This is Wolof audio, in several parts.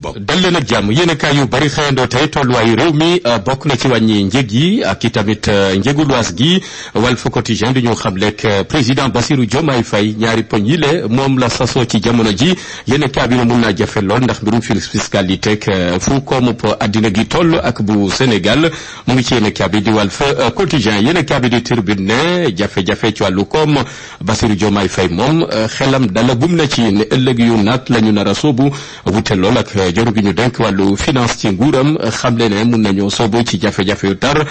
dal leen ak jàmm yéen a yu bari xëyandoo tey tolluwaayu réew mi euh, bokk na ci wàññi njëg yi ak i tamit euh, njëgu luwaas fa Walf Quotidien di ñu xam lekk euh, président Bassirou Diomaye Faye ñaari poñ yile moom la sasoo ci jamono ji yéen a kaay bi ne mun naa jafe lool ndax mbirum fiscalité ak fu koomu addina gi toll ak bu Sénégal mu ngi ci yéen a kaay bi di Walf Quotidien yéen a kaay bi di Tribune ne jafe-jafe ci wàllu koom Bassirou Diomaye Faye moom xelam dala gum na ci ëllëg yu naat la nar a sóobu lool jëru gi ñu dénk wàllu finance ci nguuram xamle ne mun nañu soobu ci jafe-jafe yu tar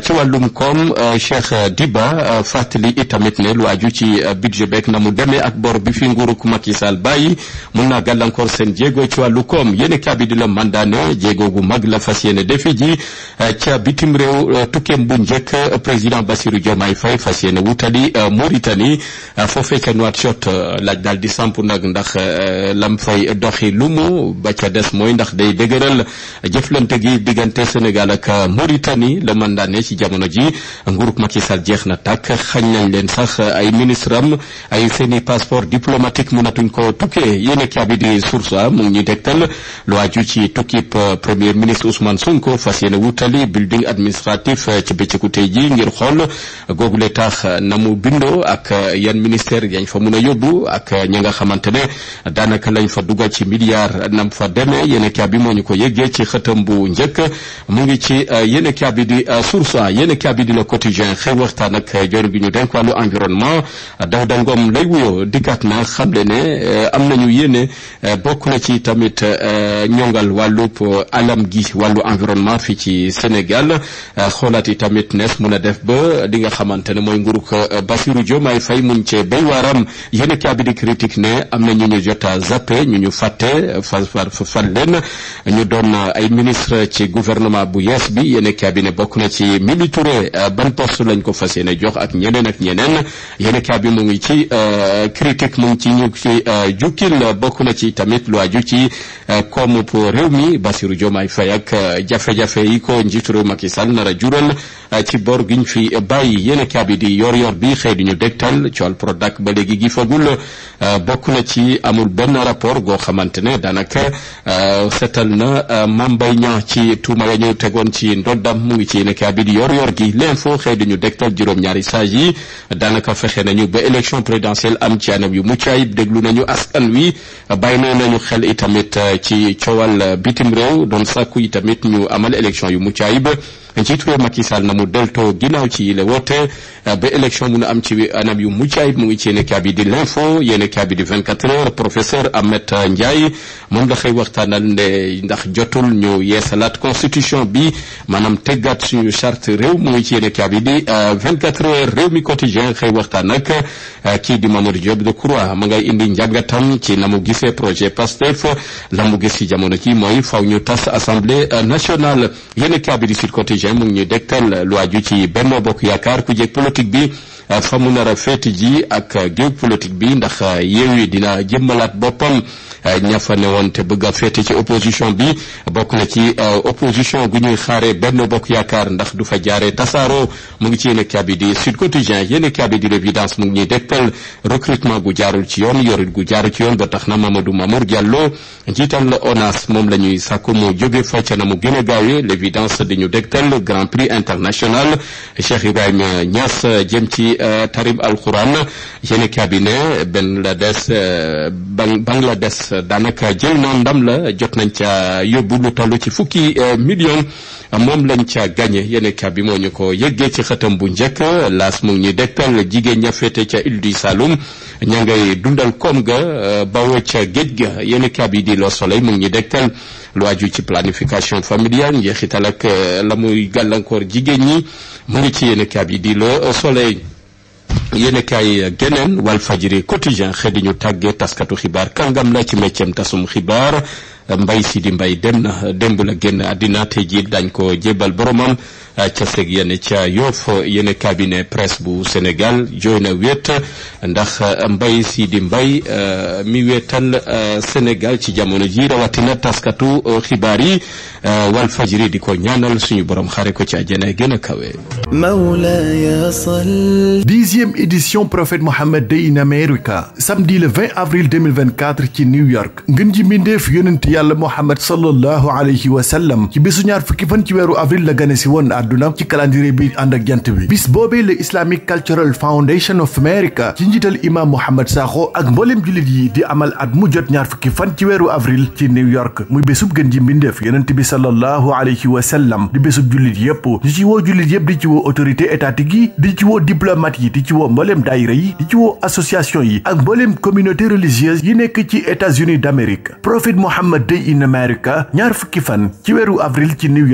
ci wàllum koom Cheikh Diba fàttali itamit ne lu aju ci budget beeg na mu demee ak bor bi fi nguuruk Macky Sall bàyyi mun na gàllankoor seen jéego ci wàllu koom yéen kaabi di la mandaane jéego gu mag la fas yéene defe ji ca bitim réew tukkeem bu njëkk président Bassirou Diomaye Faye fas yéene wutali euh, Mauritanie euh, foofee ca Nouakchott euh, laaj daal di samp nag ndax lam fay doxi lu mu ba des mooy ndax day dëgëral jëflante gi diggante Sénégal ak Mauritanie la mandaane ci jamono ji nguurug Macky Sall jeex na tàkk xañ lañ leen sax ay ministre am ay seeni passeport diplomatique mënatuñ ko tukkee yéena kaabi di source mu ngi ñuy tegtal lu aju ci tukkib premier ministre Ousmane Sonko fas yéene wutali building administratif eh, ci bëccëgu tey ji ngir xool googule tax na mu bindoo ak yan ministère yañ fa mun a yóbbu ak ñi nga xamante ne daanaka lañ fa dugal ci milliard quotidien yéenekaay bi moo ñu ko yëggee ci xëtam bu njëkk mu ngi ci euh, yéenekaay bi di euh, Source A yéenekaay bi di Le Quotidien xëy waxtaan ak euh, jor gi ñu denk wallu environnement da Ngom lay wuyoo dikkaat na xamle ne am na ñu yéene bokk na ci tamit ñongal wàllub alam gi wàllu environnement fii ci Sénégal xoolaat yi tamit nees mun a def ba li nga xamante ne mooy nguurug Bassirou Diomaye Faye mun cee béy waaram yéenekaay di critique ne am na ñu ñu jot a ñu ñu fàtte fal leen ñu doon ay ministre ci gouvernement bu yees bi yéen cabinet bokk na ci Mimi Touré ban poste lañ ko fas yéene jox ak ñeneen ak ñeneen yéen cabinet mu ngi ci euh, critique mu ngi ci ñu ci euh, jukkil bokk na ci tamit lu aju ci euh, koomu réew mi Bassirou Diomaye Faye ak jafe-jafe yi ko njiitu réew Macky Sall nar jural ci bor gi ñu fi bàyyi yéen cabinet di yor-yor bi xëy di ñu dégtal cool Prodac ba léegi gi fagul bokk na ci amul benn rapport goo xamante ne daanaka. setal euh, na euh, Mame Mbaye Niang ci tuuma ya ñu tegoon ci ndoddam mu ngi ci yéen a bi di yor-yor gi l'info xëy di ñu dégtal juróom-ñaari saa yi fexe nañu ba élection présidentielle am ci anam yu mucc ayib déglu nañu askan wi bàyyi nañu xel itamit tamit euh, ci coowal euh, bitim réew doon sàkku yi tamit ñu amal élection yu mucc ayib njiitu réew Macky Sall na mu deltoo ginnaaw ci yile woote euh, ba élection mun a am ci anam yu mucc ayib mu ngi ci yéenekaay bi di l'info yéenekaay bi di 24 heures professeur Ahmed Ndiaye moom la waxtaan al ne ndax jotul ñu yeesalaat constitution bi maanaam teggaat suñu charte réew mu ngi ci yéenekaay bi vingt 24 heures réew mi quotidien xëy waxtaan nag kii di Mamadou Diop Decroix ma ngay indi njàngatam ci na mu gisee projet PASTEF lambu gis ci jamono ci mooy faw ñu tas assemblée nationale yéen kaabi di Sud Quotidien mu ngi ñuy dégtal lu aju ci Benno Bokk Yaakaar ku jeeg politique bi fa mu nar a féeti ji ak géew politique bi ndax yeewi dina jëmmalaat boppam ña fa ne woon te bëgg a féete ci opposition bi bokk na ci euh, opposition gu ñuy xaaree benn bokk yaakaar ndax du fa jaaree tasaaroo mu ngi ci yéen kaabi di Sud Quotidien yéen kaabi di l'évidence mu ngi ñuy dektal recrutement gu jaarul ci yoon yorit gu jaarul ci yoon ba tax na Mamadou Mamour Diallo njiital la ONAS moom la ñuy sàkku moo jóge fa na mu gën a gaawee l'évidence di ñu dektal Grand Prix international Cheikh Ibrahima Niass jëm ci euh, tarib alquran yéen kaabi ne benn la des euh, Bangladesh daanaka jël na ndam la jot nañ ca yóbbu lu toll ci fukki eh, million moom lañ ca gagné yenn ka bi moo ñu ko yëggee ci xëtam bu njëkk laas mu ngi ñuy dégtal jigéen ña féete ca île du Saloum ña ngay dundal koom ga eh, bawoo ca géej ga yenn ka yi di la Soleil mu ngi ñuy dégtal lu aju ci planification familiale njeexital ak eh, la muy gàllankoor jigéen ñi mu ngi ci yéen ka bi di Le Soleil. yéen kaay geneen Walfadjri quotidien xëy di ñu tàggee taskatu xibaar kàngam la ci mécceem tasum xibaar mbay si di mbay dem na démb la génn àddina te ji dañ ko jébbal boromam cëseg yene ca Yoff yene cabinet presse bu Sénégal jooy na wéet ndax euh, mbay Sidi Mbaye euh, mi wéetal euh, Sénégal ci jamono ji rawatina taskatu xibaar yi Walfajri di ko ñaanal suñu borom xare ko ci àjjana gën a kawe dixième édition Prophet Muhammad Day in America samedi le 20 avril 2024 ci New York ngën ji mbindeef yonent yàlla Muhammad sallallahu alayhi wa sallam ci bésu ñaar fukki fan ci weeru avril la gane si woon àdduna ci calendrier bi ànd ak jant bi bis boobee le Islamic Cultural Foundation of America ci njiital imam Mouhamed Sakho ak mbooleem jullit yi di amal at mu jot ñaar fukki fan ci weeru avril ci New York muy bésub gën ji mbindeef yonent bi sallallahu alayhi wa di bésub jullit yépp ñu ci woo jullit yépp di ci woo autorité étatique yi di ci woo diplomate yi di ci woo mbooleem daayira yi di ci woo association yi ak mbooleem communauté religieuse yi nekk ci États-Unis d'Amérique Prophet fan ci weeru avril ci New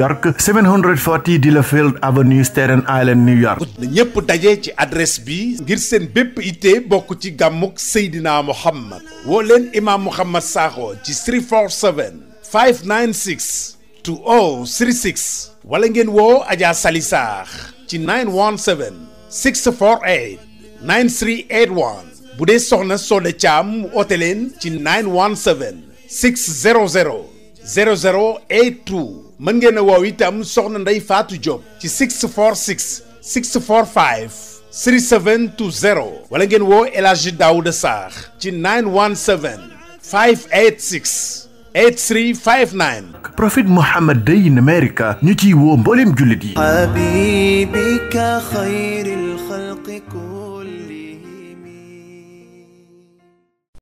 Bielefeld avenue Staten Island New York. na ñëpp daje ci adresse bi ngir seen bépp ittee bokk ci gàmmuk Seydina Mohamed woo leen imaam Mohamed Sakho ci 347 596 2036 wala ngeen woo Adja Sali Sarr ci 917 648 9381 bu dee soxna Soda Thiam mu oote leen ci 917 600 0082. mën ngeen a woow itam soxna Ndeye Fatou Diop ci 646 645 3720 wala ngeen woo El Hadji Daouda Sarr ci 917 586 8359 Prophet Muhammad Day in America ñu ciy woo mbooleem jullit yi